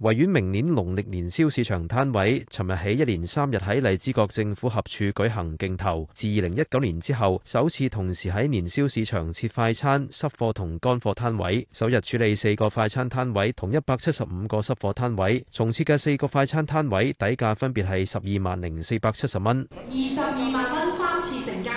維園明年農曆年宵市場攤位，尋日起一連三日喺荔枝角政府合署舉行競投，自二零一九年之後，首次同時喺年宵市場設快餐、濕貨同乾貨攤位。首日處理四個快餐攤位，同一百七十五個濕貨攤位。從設計四個快餐攤位底價分別係十二萬零四百七十蚊，二十二萬蚊三次成交。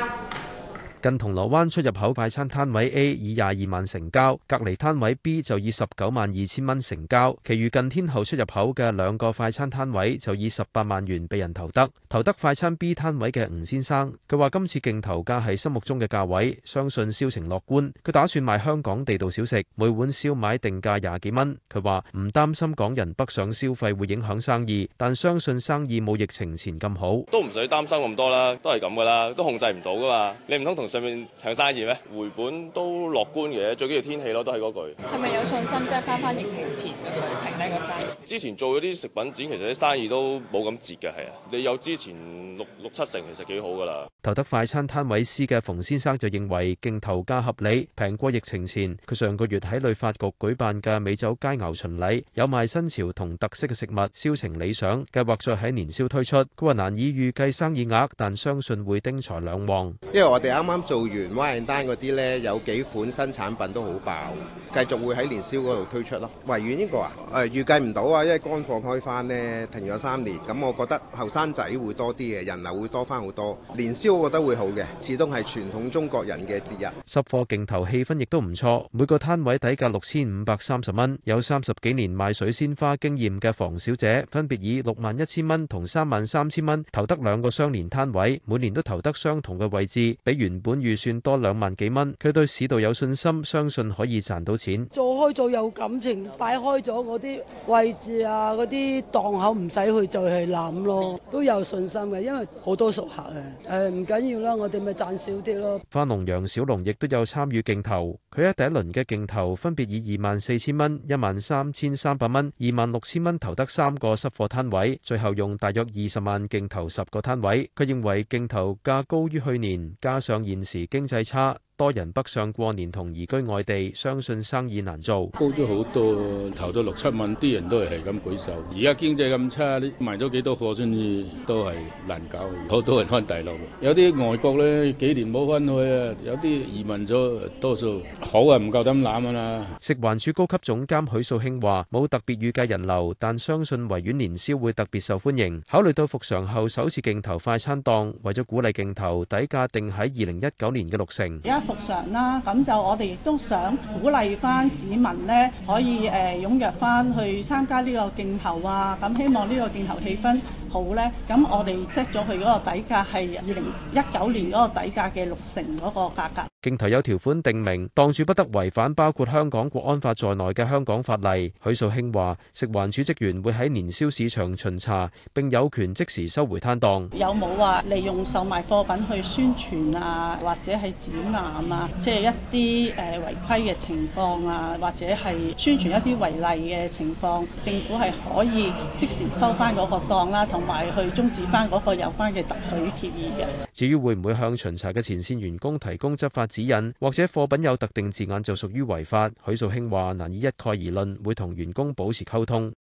近銅鑼灣出入口快餐攤位 A 以廿二萬成交，隔離攤位 B 就以十九萬二千蚊成交。其餘近天后出入口嘅兩個快餐攤位就以十八萬元被人投得。投得快餐 B 攤位嘅吳先生，佢話今次競投價係心目中嘅價位，相信銷情樂觀。佢打算賣香港地道小食，每碗燒賣定價廿幾蚊。佢話唔擔心港人北上消費會影響生意，但相信生意冇疫情前咁好。都唔使擔心咁多啦，都係咁噶啦，都控制唔到噶嘛。你唔通同？上面長生意咩？回本都樂觀嘅，最緊要天氣咯，都係嗰句。係咪有信心即係翻翻疫情前嘅水平呢？個生意之前做嗰啲食品展，其實啲生意都冇咁熱嘅，係啊。你有之前六六七成，其實幾好㗎啦。投得快餐攤位師嘅馮先生就認為，競投價合理，平過疫情前。佢上個月喺旅發局舉辦嘅美酒佳餚巡禮，有賣新潮同特色嘅食物，銷情理想。計劃再喺年宵推出，佢話難以預計生意額，但相信會丁財兩旺。因為我哋啱啱。做完 wine and dine 嗰啲呢，有幾款新產品都好爆，繼續會喺年宵嗰度推出咯。維園呢個啊？誒預計唔到啊，因為乾貨開翻呢停咗三年，咁我覺得後生仔會多啲嘅，人流會多翻好多。年宵我覺得會好嘅，始終係傳統中國人嘅節日。濕貨競投氣氛亦都唔錯，每個攤位底價六千五百三十蚊。有三十幾年賣水仙花經驗嘅房小姐，分別以六萬一千蚊同三萬三千蚊投得兩個雙連攤位，每年都投得相同嘅位置，比原本。預算多兩萬幾蚊，佢對市道有信心，相信可以賺到錢。做開做有感情，擺開咗嗰啲位置啊，嗰啲檔口唔使去再去諗咯，都有信心嘅，因為好多熟客啊。誒、哎，唔緊要啦，我哋咪賺少啲咯。花農楊小龍亦都有參與競投，佢喺第一輪嘅競投分別以二萬四千蚊、一萬三千三百蚊、二萬六千蚊投得三個濕貨攤位，最後用大約二十萬競投十個攤位。佢認為競投價高於去年，加上現時經濟差。多人北上過年同移居外地，相信生意難做，高咗好多，投咗六七萬，啲人都係咁舉手。而家經濟咁差，你賣咗幾多貨先至都係難搞，好多人都翻大陸。有啲外國呢幾年冇翻去啊，有啲移民咗多數。好啊，唔夠膽攬啊啦！食環署高級總監許素卿話：冇特別預計人流，但相信維園年宵會特別受歡迎。考慮到復常後首次競投快餐檔，為咗鼓勵競投，底價定喺二零一九年嘅六成。常啦，咁就我哋亦都想鼓勵翻市民咧，可以誒踴躍翻去參加呢個競投啊！咁希望呢個競投氣氛。好咧，咁我哋 set 咗佢嗰個底價係二零一九年嗰個底價嘅六成嗰個價格。競投有條款訂明，檔主不得違反包括香港國安法在內嘅香港法例。許素卿話：食環署職員會喺年宵市場巡查，並有權即時收回攤檔。有冇話利用售賣貨品去宣傳啊，或者係展覽啊，即係一啲誒違規嘅情況啊，或者係宣傳一啲違例嘅情況，政府係可以即時收返嗰個檔啦，同埋去終止返嗰個有關嘅特許協議嘅。至於會唔會向巡查嘅前線員工提供執法指引，或者貨品有特定字眼就屬於違法，許素卿話難以一概而論，會同員工保持溝通。